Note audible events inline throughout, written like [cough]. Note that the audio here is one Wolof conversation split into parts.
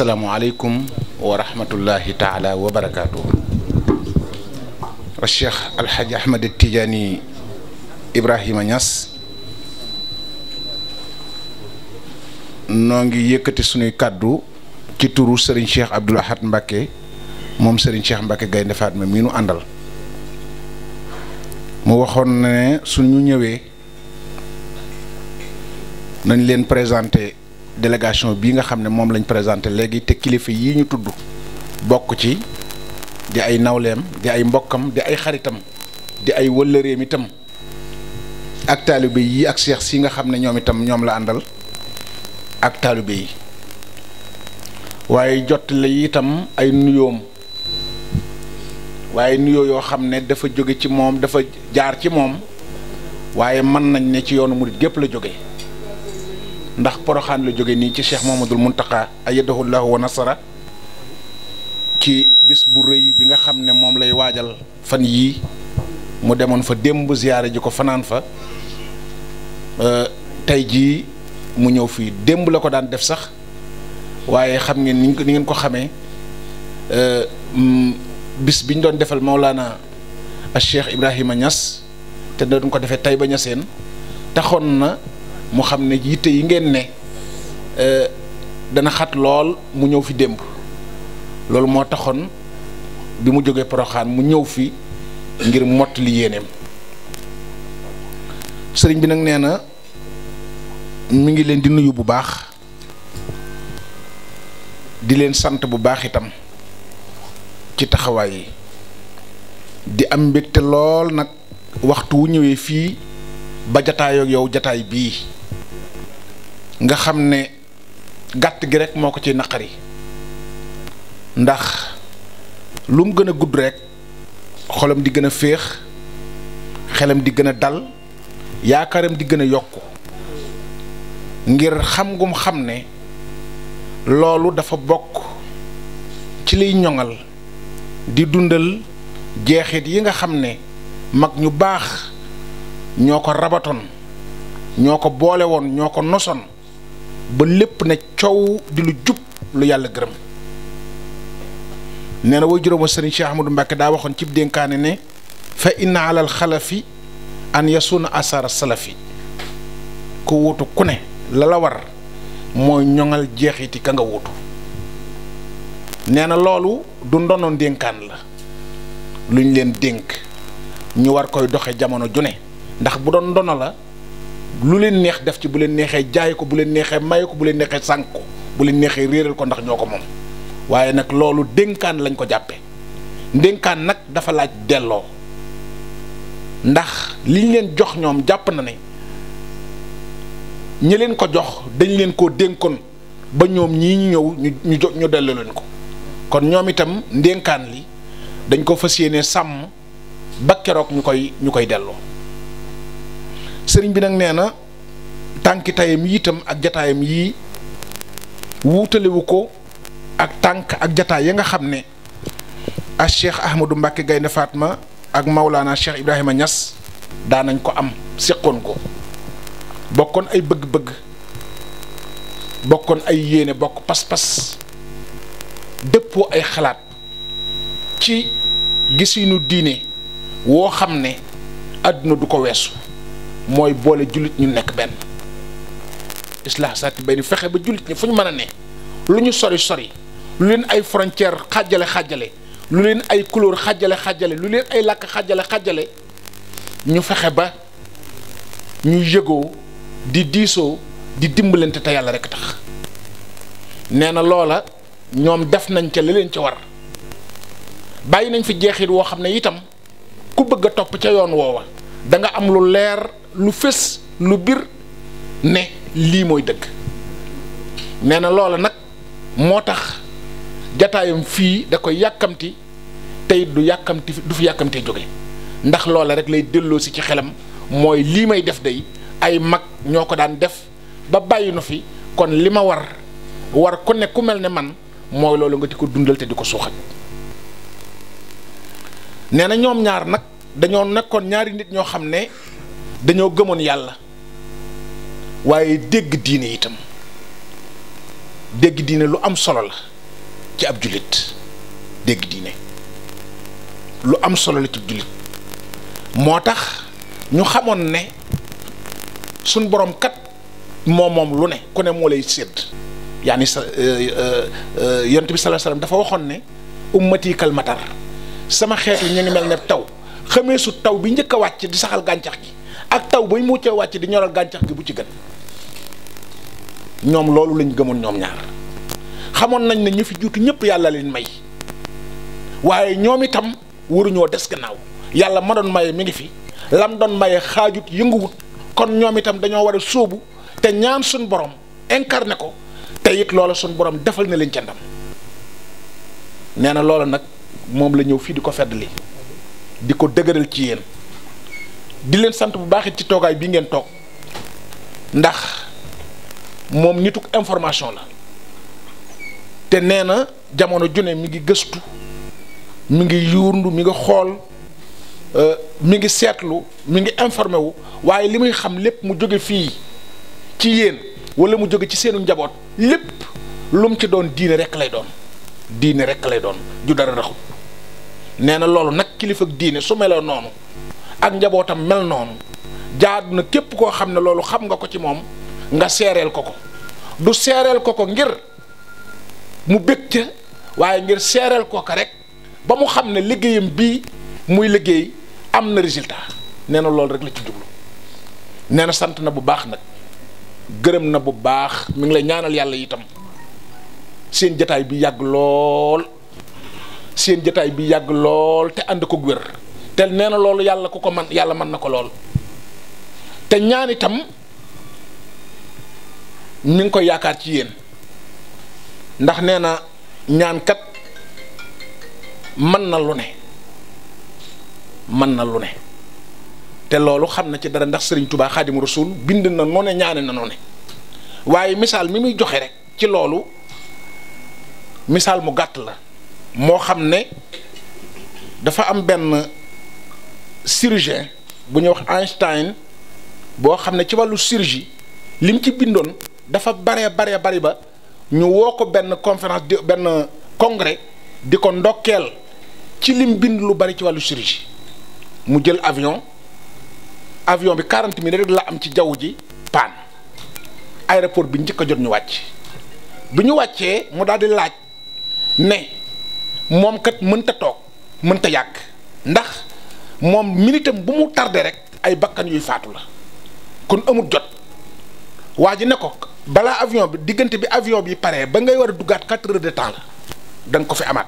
asalaamualeykum wa rahmatullahi taala wa barakaatu. wa cheikh Alhaji Ahmed Tidiane Ibrahima Niass noo ngi yëkkati sunuy kàddu ci turu Serigne Cheikh Abdoul Ahad Mbacke moom Serigne Cheikh Mbacke Gaynde Fatma mii nu àndal mu waxoon ne suñu ñëwee nañ leen présenté. délégation bii nga xam ne moom lañ présenté léegi te kilifa yi ñu tudd bokk ci di ay nawleem di ay mbokkam di ay xaritam di ay wëllëreem itam ak taalibe yi ak seex si nga xam ne ñoom itam ñoom la àndal ak taalibe yi waaye jot la itam ay nuyoom waaye nuyoo yoo xam ne dafa jóge ci moom dafa jaar ci moom waaye mën nañ ne ci yoonu murit gépp la jóge ndax poroxane la joge ni ci cheikh mamadou muntaka ayyadahu allah wa nasara ci bis bu reuy bi nga xamne mom lay wadjal fan yi mu demone fa dembu ziyaare jiko fanan fa euh tay ji mu ñew fi dembu lako daan def sax waye xam ngeen ni ngeen ko euh bis biñ doon defal Maulana ak cheikh Ibrahima Niass te doon ko tay ba taxon na mu xamne ne yitte yi ngeen ne e, dana xat lool mu ñëw fi demb lool mo taxone bi mu proxan mu ñëw fi ngir mot li yéeneem sëriñ bi nak nee na mi ngi leen di nuyu bu baax di leen sante bu baax itam ci taxaway di am mbégte lool nak waxtu wu ñëwee fi ba ak yow jotaay bi nga xam ne gàtt gi rek moo ko ci naqari ndax lu mu gën a gudd rekk xolam di gën a féex xelam di gën a dal yaakaaram di gën a yokk ngir xam ngum xam ne loolu dafa bokk ci liy ñoŋal di dundal jeexit yi nga xam ne mag ñu baax ñoo ko rabatoon ñoo ko boole woon ñoo ko nosoon ba lépp ne coow di lu jub lu yàlla gërëm nee na way juróoma sëriñ Cheikh Ahmadou Mbacke daa waxoon cib dénkaane ne fa inna alal xalafi an yasuna asara salafi ku wuutu ku ne lala war mooy ñoŋal jeexiti ka nga wuutu nee na loolu du ndonoon dénkaan la lu ñu leen dénk ñu war koy doxe jamono ju ne ndax bu doon ndono la lu leen neex def ci bu leen neexee jaay ko bu leen neexee may ko bu leen neexee sànq ko bu leen neexee réeral ko ndax ñoo ko moom waaye nag loolu dénkaan lañ ko jàppe ndénkaan nag dafa laaj delloo ndax liñ leen jox ñoom jàpp na ne ñu leen ko jox dañ leen ko dénkoon ba ñoom ñii ñu ñëw ñu ñu ñu delloo leen ko kon ñoom itam ndénkaan li dañ ko fas yéene sàmm ba keroog ñu koy ñu koy delloo sëriñ bi nag nee na tànki tayam yi ak jataayam yii wuutalewu ko ak tànk ak jataay ya nga xam ne ak cheikh Ahmadou Mbacke Gaynde Fatma ak Maulana cheikh Ibrahima Niass daanañ ko am séqoon ko bokkoon ay bëgg-bëgg bokkoon ay yéene bokk pas-pas dëppoo ay xalaat ci gis gisinu diine woo xam ne àdduna du ko weesu mooy boole jullit ñu nekk benn islah sati benn fexe ba jullit ñi fu ñu mën a ne lu ñu sori sori lu leen ay frontière xajale xajale lu leen ay couleur xàjjale xàjjale lu leen ay làkk xàjjale xàjjale ñu fexe ba ñu yëgoo di diisoo di dimbalante te yàlla rek tax nee na loola ñoom def nañ ca li leen ci war bàyyi nañ fi jeexit woo xam ne itam ku bëgg a topp ca yoon woowa danga am lu leer lu fës lu bir ne lii mooy dëgg nee na loola nag moo tax jataayam fii da koy yàkkamti tey du yàkkamti du fi yàkkamtee jóge ndax loola rek lay delloo si ci xelam mooy lii may def day ay mag ñoo ko daan def ba bàyyi nu fi kon li ma war war ku ne ku mel ne man mooy loolu nga di ko dundal te di ko suuxat nee na ñoom ñaar nag dañoo nekkoon ñaari nit ñoo xam ne dañoo gëmoon yàlla waaye dégg diine itam dégg diine lu am solo la ci ab jullit dégg diine lu am solo la ci jullit moo tax ñu xamoon ne suñ borom kat moom moom lu ne ku ne moo lay sédd yaani sa euh, euh, euh, yonent bi sallallahu alayhi dafa waxoon ne ummati kalmatar sama xeet yi ñu ngi mel ne taw xamee su taw bi njëkk a wàcc di saxal gàncax gi ak taw ba ñu muccee wàcc di ñoral gàncax gi bu ci gën ñoom loolu lañ gëmoon ñoom ñaar xamoon nañ ne ñu fi juutu ñëpp yàlla leen may waaye ñoom itam waruñoo des gannaaw yàlla ma doon maye mi ngi fi lam doon maye xaajut yënguwut kon ñoom itam dañoo war a sóobu te ñaan suñ borom incarné ko te it loola suñ borom defal na leen ca ndam nee na loola nag moom la ñëw fii di ko feddali di ko dëgëral ci yéen. di leen sant bu baaxee ci toogaay bi ngeen toog ndax moom nituk information la te nee na jamono ne mi ngi gëstu mu ngi yuurndu mi ngi xool euh, mi ngi seetlu mi ngi informé wu waaye li muy xam lépp mu jóge fii ci yéen wala mu jóge ci seenu njaboot lépp lu mu ci doon diine rek lay doon diine rek lay doon ju dara raxut nee na loolu nag kilifa diine su meloo noonu ak njabootam mel noonu jaadu na képp koo xam ne loolu xam nga ko ci moom nga seereel ko ko du seereel ko ko ngir mu bég ca waaye ngir seereel ko ko rek ba mu xam ne liggéeyam bi muy liggéey am na résultat nee na loolu rek la ci jublu nee na sant na bu baax nag gërëm na bu baax mu ngi la ñaanal yàlla itam seen jataay bi yàgg lool seen jataay bi yàgg lool te ànd ko wér te nee na loolu yàlla ku ko man yàlla mën na ko lool te ñaan itam mi ngi koy yaakaar ci yéen ndax nee na ñaan mën na lu ne mën na lu ne te loolu xam na ci dara ndax Serigne Touba Xaadimu Rasuul bind na noone ñaane na noone waaye misaal mi muy joxe rek ci loolu misaal mu gàtt la moo xam ne dafa am benn. chirurgien bu ñuy wax Einstein boo xam ne ci wàllu chirurgie lim ci bindoon dafa baree baree bari ba ñu woo ko benn conférence di benn congrès di ko ndokkeel ci lim bind lu bari ci wàllu chirurgie mu jël avion avion bi 40 minutes rek la am ci jaww ji paan aéroport bi njëkk a jot ñu wàcc bi ñu wàccee mu daal di laaj ne moom kat mënta toog mënta yàgg ndax. moom minitam bu mu tardé rek ay bakkan yuy faatu la kon amul jot waa ji ne ko balaa avion bi diggante bi avion bi paree ba ngay war a duggaat de temps la da nga ko fi amaat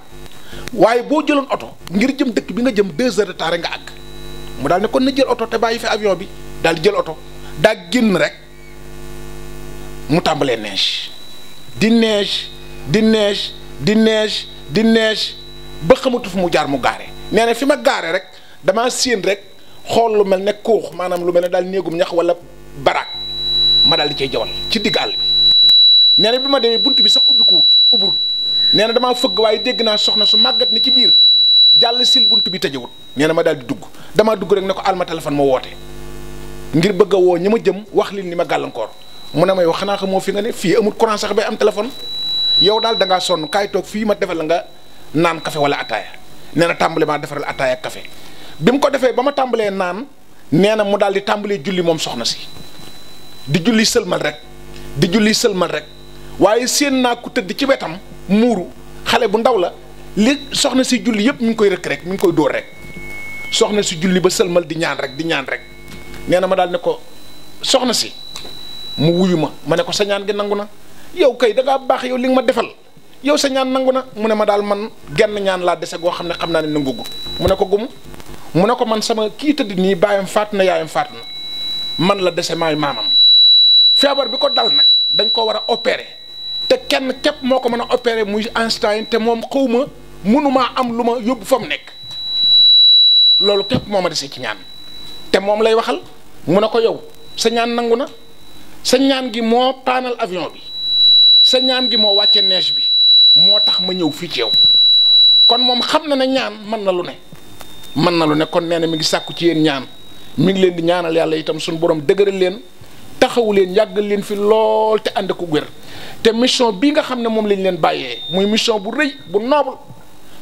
waaye boo jëloon oto ngir jëm dëkk bi nga jëm deux heures de temps rek nga àgg mu daal ne kon na jël oto te bàyyi fi avion bi daal di jël oto daa génn rek mu tàmbalee neige di neige di neige di neige di neige ba xamatu fu mu jaar mu gaare nee ne fi ma gaare rek damaa séen rek xool lu mel ne kuux maanaam lu mel ne daal néegum ñax wala baraak ma daal di cay jawal ci digg àll bi bi ma demee bunt bi sax ubbi ko ubbul nee damaa fëgg waaye dégg naa soxna su màggat ne ci biir jàll sil bunt bi tëjewut nee na ma daal di dugg damaa dugg rek ne ko alma téléphone ma woote ngir bëgg a woo ñi ma jëm wax li ni ma gàllankoor mu ne may wax xanaa ko moo fi nga ne fii amul courant sax bay am téléphone yow daal dangaa son sonn fii ma defal la nga naan café wala nee na tàmbali maa defaral ak café bi mu ko defee ba ma tàmbalee naan nee na mu daal di tàmbalee julli moom soxna si di julli sëlmal rek di julli sëlmal rek waaye séen naa ku tëdd ci wetam muuru xale bu ndaw la li soxna si julli yëpp mi ngi koy rëkk rek mi ngi koy dóor rek soxna si julli ba sëlmal di ñaan rek di ñaan rek nee na ma daal ne ko soxna si mu wuyu ma ma ne ko sa ñaan gi nangu na yow kay da ngaa baax yow li nga ma defal yow sa ñaan nangu na mu ne ma daal man genn ñaan laa dese goo xam ne xam naa ne nangugu mu ne ko gumu mu ne ko man sama kii tëdd nii baayam faat na yaayam faat na man la dese maay maamam feebar bi ko dal nag dañ ko war a opérer te kenn képp moo ko mën a opérer muy Einstein te moom xaw ma mënumaa am lu ma yóbbu fa mu nekk loolu képp moo ma dese ci ñaan te moom lay waxal mu ne ko yow sa ñaan nangu na sa ñaan gi moo paanal avion bi sa ñaan gi moo wàcce neige bi moo tax ma ñëw fii ci yow kon moom xam na ne ñaan mën na lu ne man na lu ne kon nee mi ngi sakku ci yeen ñaan mi ngi leen di ñaanal yalla itam sun borom degeural leen taxawu leen yàggal leen fi lol te and ko wér te mission bi nga xamne mom lañ leen bàyyee muy mission bu reuy bu noble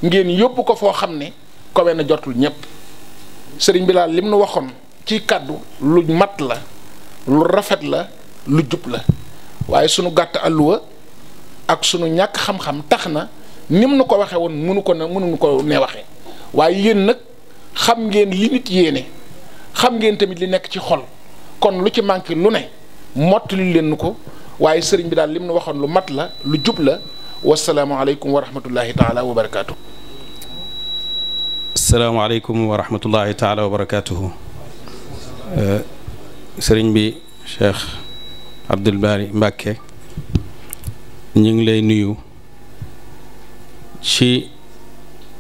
ngeen yóbbu ko fo xamne ne kowe jotul ñépp serigne bilal limnu waxon ci kaddu lu mat la lu rafet la lu jup la waye sunu gatt alluwa ak sunu ñak xam-xam taxna nimnu ko waxe munu ko munu ko ne waxe waye yeen nak xam ngeen li nit yéene xam ngeen tamit li nekk ci xol kon lu ci manqué lu ne mottali leen ko waaye sëriñ bi daal lim nu waxoon lu mat la lu jub la wasalaamaaleykum wa rahmatullahi taala wa barakaatu. salaamaaleykum wa rahmatullahi taala wa barakaatu. sëriñ bi Cheikh Abdoul Bari Mbacke ñu ngi lay nuyu ci.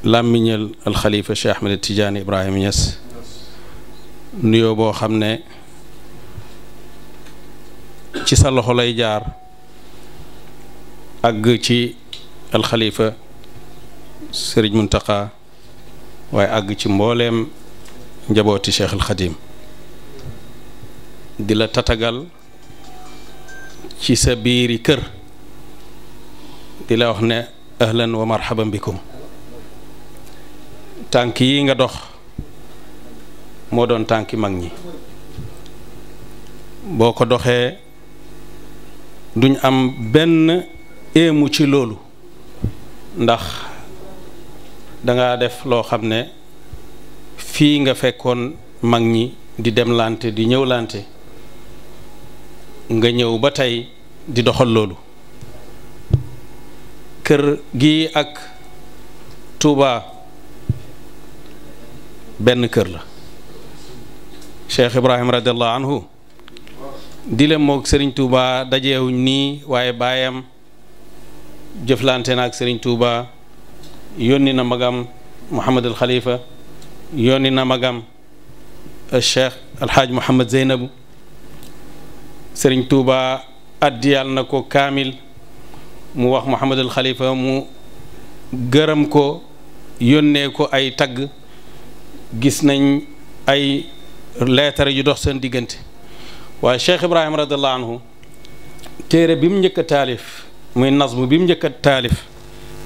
làmmiñal alxalifa Cheikh Ahmed Tidiane Ibrahima Niass nuyoo boo xam ne ci sa loxo lay jaar àgg ci alxalifa Serigne Mountakha waaye àgg ci mbooleem njabooti Cheikh al Xadim di la tatagal ci sa biiri kër di la wax ne ahlan wa marhaban bikum tànk yi nga dox moo doon tànki mag ñi boo ko doxee duñ am benn éemu ci loolu ndax danga def loo xam ne fii nga fekkoon mag ñi di demlante di ñëwlante nga ñëw ba tey di doxal loolu kër gi ak Tuuba benn kër la Cheikh Ibrahima radiallahu anhu dilem moog Serigne Touba dajeewuñ nii waaye baayam jëflante na ak Serigne Touba yónni na magam Mouhamadul Khalifa yónni na magam Cheikh Alhaaj Mouhamad Zeynabu Serigne Touba addiyal na ko kaamil mu wax Mouhamadul Khalifa mu gërëm ko yónnee ko ay tagg gis nañ ay lettre yu dox seen digënté wa Cheikh ibrahim radhiyallahu anhu téré bimu ñëk njëkk taalif muy nasmu bimu ñëk njëkk taalif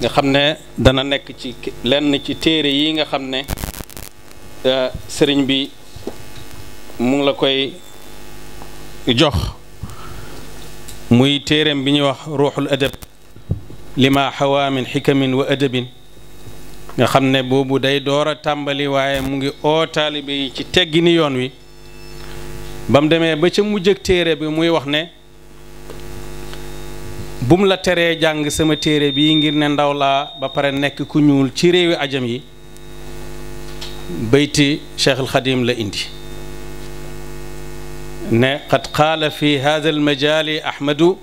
nga xamné dana nekk ci lenn ci téré yi nga xamné ne sëriñ bi mu ngi la koy jox muy téereem bi ñu wax ruhul adab lima hawa min hikam wa adabin nga xamne bobu day doora tàmbali waye mu ngi o talibi ci teggini yoon wi bam deme ba ci mujj ak téré bi muy wax ne bum la téré jàng sama téré bi ngir ne ndaw la ba pare nek ku ñuul ci réewi ajam yi bayti cheikh alxadim la indi ne qad qaala fi hada almajaali ahmadu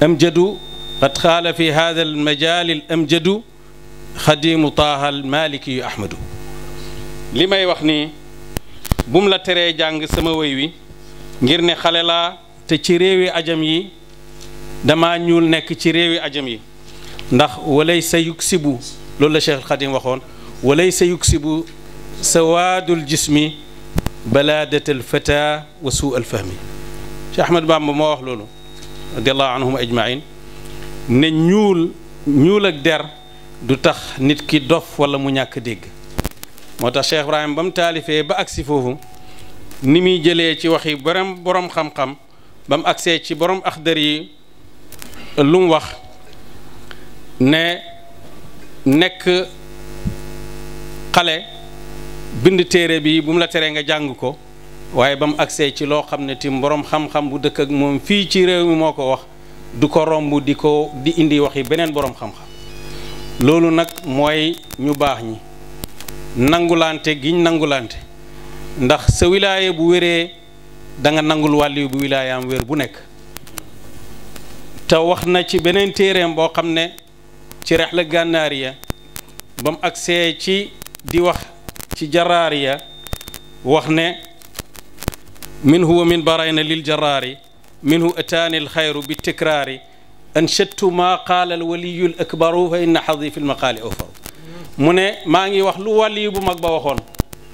amjadu qad qaala fi hada almajaali amjadu خديم طه المالكي احمد لماي واخني بوم لا تري جانغ سما وي وي غير ني خالي لا تي سي ريوي اجام يي داما نيول نيك سي ريوي اجام يي نдах وليس يكسب لول شيخ الخديم واخون وليس يكسب سواد الجسم بلاده الفتى وسوء الفهم شيخ احمد بام ما واخ لولو رضي الله عنهم اجمعين ني نيول نيولك در du tax nit ki dof wala mu ñàkk dégg moo tax Cheikh Ibrahim ba mu taalifee ba agsi foofu ni muy jëlee ci waxi borom borom xam-xam ba mu agsee ci borom axdar yi lu mu wax ne nekk xale bind téere bi bu mu la teree nga jàng ko waaye ba mu agsee ci loo xam ne tim borom xam-xam bu dëkk ak moom fii ci réew mi moo ko wax du ko romb di ko di indi waxi beneen boroom xam-xam. lolu nak moy ñu bax ñi nangulante giñ nangulante ndax sa wilaya bu wéré da nga nangul wali bu am wér bu nek te waxna ci benen téereem bo xamné ci rex la bam ya ci di wax ci jaraar waxne minhu wa min barayna lil jaraari minhu ataani alxayru bi انشدت ما قال الولي الاكبر فان حظي في المقال اوفر من ماغي واخ لو ولي بو ماك با واخون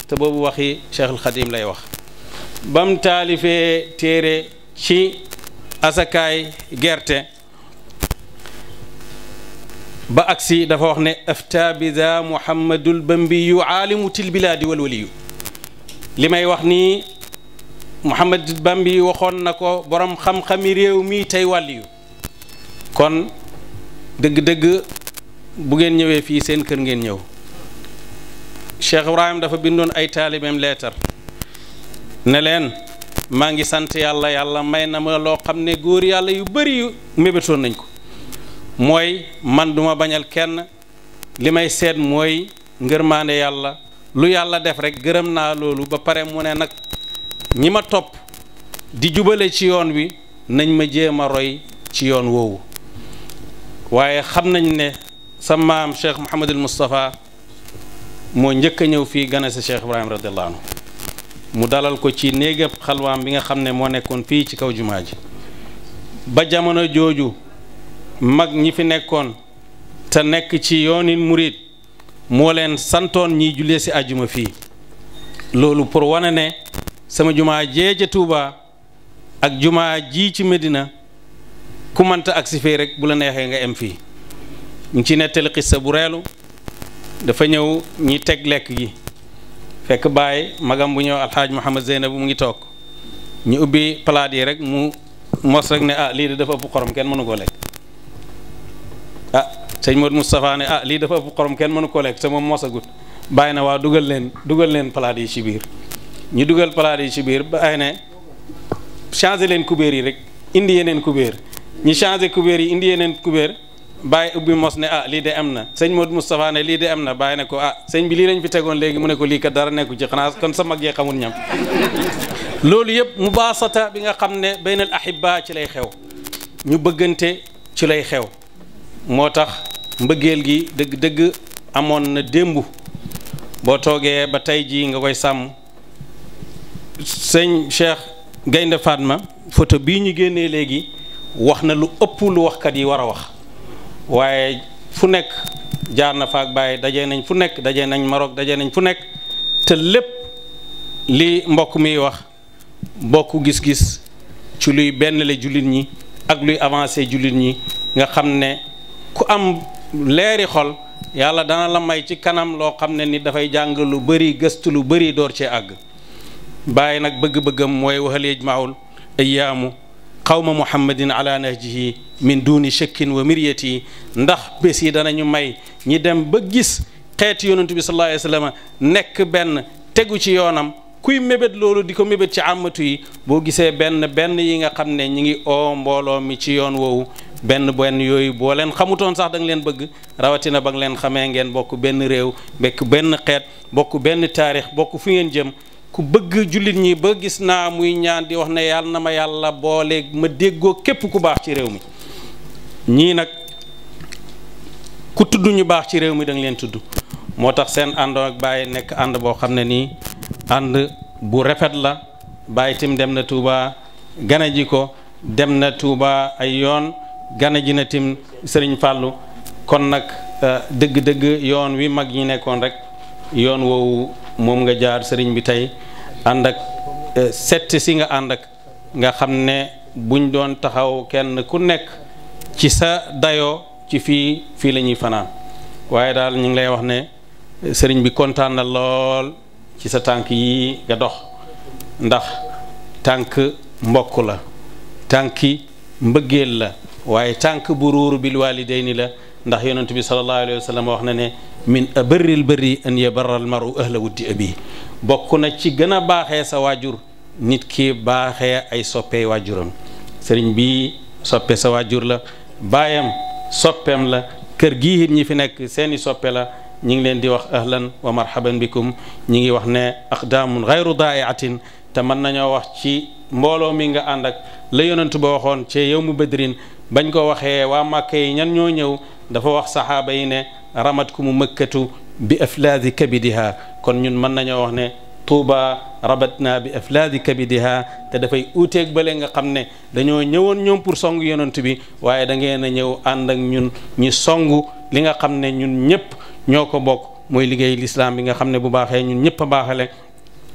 تا بوبو واخي شيخ الخديم لاي واخ بام تالفه تيري شي اسكاي غيرتي با اكسي دا فا واخني افتا بذا محمد البنبي عالم تل بلاد والولي لماي واخني محمد البنبي واخون نكو بروم خم خمي ريو مي تاي واليو kon dëgg-dëgg bu ngeen ñëwee fii seen kër ngeen ñëw Cheikh Ibrahim dafa bindoon ay taalibeem leetar ne leen maa ngi sant yàlla yàlla may na ma loo xam ne góor yàlla yu bari yu mébétoon nañ ko mooy man duma bañal kenn li may seet mooy ngërmaande yàlla lu yàlla def rek gërëm naa loolu ba pare mu ne nag ñi ma topp di jubale ci yoon wi nañ ma jéem a roy ci yoon woowu waaye xam nañ ne sa maam Cheikh Mouhamadul Moustapha moo njëkk a ñëw fii gane si Cheikh Ibrahim radiallahu anhu mu dalal ko ci néegab xalwaam bi nga xam ne moo nekkoon fii ci kaw jumaa ji ba jamono jooju mag ñi fi nekkoon te nekk ci yoonin murid moo leen santoon ñiy jullee si àjjuma fii loolu pour wane ne sama jumaa jee ca Tuuba ak jumaa jii ci Medina ku mënta agsi fii rek bu la neexee nga em fii ñu ci nettali xissa bu reelu dafa ñëw ñi teg lekk gi fekk bàyyi magam bu ñëw alxaaj Mouhamed Zeynab mu ngi toog ñu ubbi palaat yi rek mu mos rek ne ah lii dafa ëpp xorom kenn mënu koo lekk ah sëñ Modou Moustapha ne ah, lii dafa ëpp xorom kenn mënu koo lekk te moom mosagut bàyyi na waa dugal leen dugal leen palaat yi ci biir ñu dugal palaat yi ci biir bàyyi ne change leen kubéer yi rek indi yeneen kubéer ñu changé kubéer yi indi yeneen kubéer bàyyi ubbi mos ne ah lii de am na sëñ Modou Moustapha ne lii de am na bàyyi ne ko ah sëñ bi lii lañ fi tegoon léegi mu ne ko lii kat dara nekku ci xanaa kon sa mag yee xamul ñam [laughs] loolu yëpp mubaasata bi nga xam ne baynal ahibba ci lay xew ñu bëggante ci lay xew moo tax mbëggeel gi dëgg-dëgg amoon na démb boo toogee ba tey jii nga koy sàmm sëñ Cheikh Gaynde ma photo bii ñu génnee léegi wax na lu ëpp lu waxkat yi war a wax waaye fu nekk jaar na faak bàyyi daje nañ fu nekk dajee nañ Maroc dajee nañ fu nekk te lépp li mbokk miy wax bokk gis-gis ci luy benn la jullit ñi ak luy avancé jullit ñi nga xam ne ku am leeri xol yàlla dana la may ci kanam loo xam ne ni dafay jàng lu bari gëstu lu bari door cee àgg bàyyi nag bëgg-bëggam mooy waxal yëj maawul ayyaamu قوم محمد على نهجه من دون شك ومرية ندخ بسيدنا نمي ندم بجس قيت يونت صلى الله عليه وسلم نك بن تغوشي يونم كوي مبد لولو ديكو مبد عمتوي بو جسي بن بن ييغا خمني نيغي او مبولو ميشي يون وو بن بن يوي بولن خموتون صاح دنگ لين بغ رواتينا بغ لين خمي بوكو بن ريو بك بن قيت بوكو بن تاريخ بوكو فين جم ku bëgg jullit ñi ba gis naa muy ñaan di wax ne yàlla na ma yàlla boole ma déggoo képp ku baax ci réew mi ñii nag ku tudd ñu baax ci réew mi da leen tudd moo tax seen àndoo ak Baye nekk ànd boo xam ne nii ànd bu rafet la Baye tim dem na Touba gane ji ko dem na Touba ay yoon gane ji na tim Serigne Fallou kon nag euh, dëgg-dëgg yoon wi mag ñi nekkoon rek yoon woowu. moom nga jaar sëriñ bi tey ànd ak eh, sett si nga ànd ak nga xam ne buñ doon taxaw kenn ku nekk ci sa dayoo ci fii fii la ñuy fanaan waaye daal ñu ngi lay wax ne eh, sëriñ bi kontaan na lool ci sa tànk yi nga dox ndax tànk mbokk la tànki mbëggeel la waaye tànk buruur bil ni la ndax yonent bi sallallahu alayhi wa sallam wax na ne min abarril barri an yabarral maru ahla wuddi abi bokk na ci gën a baaxee sa waajur nit ki baaxe ay soppee waajuram sëriñ bi soppe sa waajur la baayam soppeem la kër gii it ñi fi nekk seeni soppe la ñi ngi leen di wax ahlan wa marhaban bikum ñi ngi wax ne aqdaamun gayru daaiatin te mën nañoo wax ci mbooloo mi nga ànd ak la yonent ba waxoon cee yow mu badrin bañ koo waxee waa màkk yi ñan ñoo ñëw dafa wax saxaaba yi ne ramat ku mu mëkkatu bi aflaadi kabidiha kon ñun mën nañoo wax ne tuuba rabat naa bi aflaadi kabidiha te dafay uuteeg bale nga xam ne dañoo ñëwoon ñoom pour song yonent bi waaye da ngeen a ñëw ànd ak ñun ñi song li nga xam ne ñun ñëpp ñoo ko bokk mooy liggéey lislaam bi nga xam ne bu baaxee ñun ñëpp a baaxale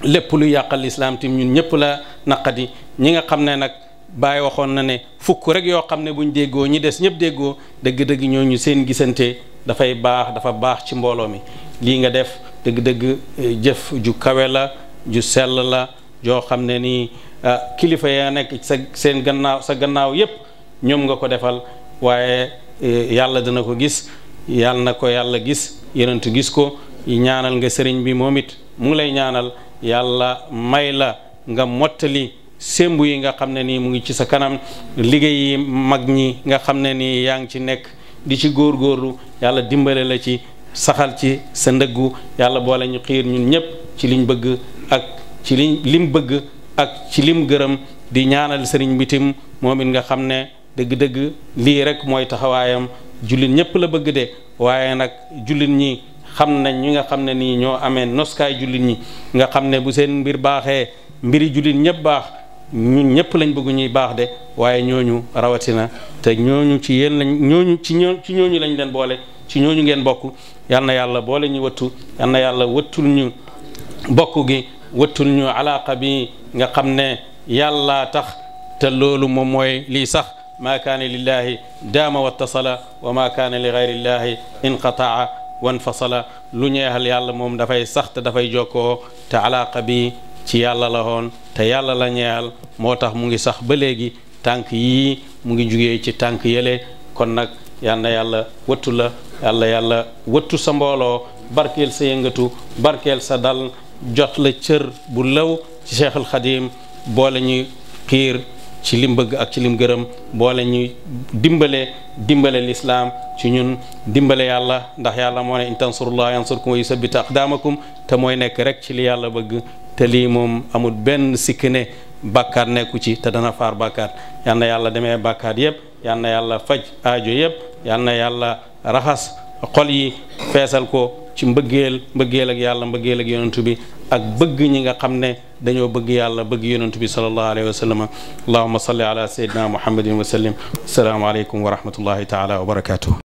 lépp lu yàqal lislaam tim ñun ñëpp la naqadi ñi nga xam ne nag Baye waxoon na ne fukk rek yoo xam ne buñ déggoo ñi des ñëpp déggoo dëgg-dëgg ñooñu seen gisante dafay baax dafa baax ci mbooloo mi lii nga def dëgg-dëgg eh, jëf ju kawe la ju sell la joo xam ne nii ah, kilifa yaa nekk sa seen gannaaw sa gannaaw yépp ñoom nga ko defal waaye eh, yàlla dina ko gis yàlla na ko yàlla gis yonentu gis ko ñaanal nga sëriñ bi moom it mu ngi lay ñaanal yàlla may la nga mottali sémbu yi nga xam ne nii mu ngi ci sa kanam liggéey mag ñi nga xam ne nii yaa ngi ci nekk di ci góor góorlu yàlla dimbale la ci saxal ci sa ndëggu yàlla boole ñu xiir ñun ñépp ci liñ bëgg ak ci liñ lim bëgg ak ci lim gërëm di ñaanal sëriñ bitim moom it nga xam ne dëgg-dëgg lii rek mooy taxawaayam jullit ñépp la bëgg de waaye nag jullit ñi xam nañ ñi nga xam ne nii ñoo amee noskaay jullit ñi nga xam ne bu seen mbir baaxee mbiri jullit ñépp baax ñun ñëpp lañ bëgg ñuy baax de waaye ñooñu rawatina te ñooñu ci yéen ñooñu ci ñoo ci ñooñu lañ leen boole ci ñooñu ngeen bokk yal yàlla boole ñu wëttu yal yàlla wëttul ñu bokk gi wëttul ñu alaaqa bi nga xam ne yàlla tax te loolu moom mooy lii sax maa kaane lillahi daama wattasala wa maa kaane li gayrillahi inqataa wanfasala lu ñeexal yàlla moom dafay sax te dafay jokkoo te alaaqa bi ci yàlla la woon te yàlla la ñeyal moo tax mu ngi sax ba léegi tànk yii mu ngi jugee ci tànk yële kon nag yal yàlla wëttu la yàlla yàlla wëttu sa mbooloo barkeel sa yëngatu barkeel sa dal jot la cër bu law ci Cheikhul Xadim boole ñu xiir ci lim bëgg ak ci lim gërëm boole ñuy dimbale dimbale lislaam ci ñun dimbale yàlla ndax yàlla moo ne in tansurullaha yansurkum wa yusabbit aqdaamakum te mooy nekk rek ci li yàlla bëgg te lii moom amul benn sikk ne bàkkaar nekku ci te dana faar bàkkaar yal yàlla demee bàkkaat yépp yal na yàlla faj aajo yépp yal na yàlla raxas xol yi feesal ko ci mbëggeel mbëggeel ak yàlla mbëggeel ak yonentu bi ak bëgg ñi nga xam ne dañoo bëgg yàlla bëgg yonentu bi sallallahu alayhi wa sallam allahuma salli ala sayyidina muhammadin wa sallim assalaamu aleykum wa rahmatullahi taala wa barakatuh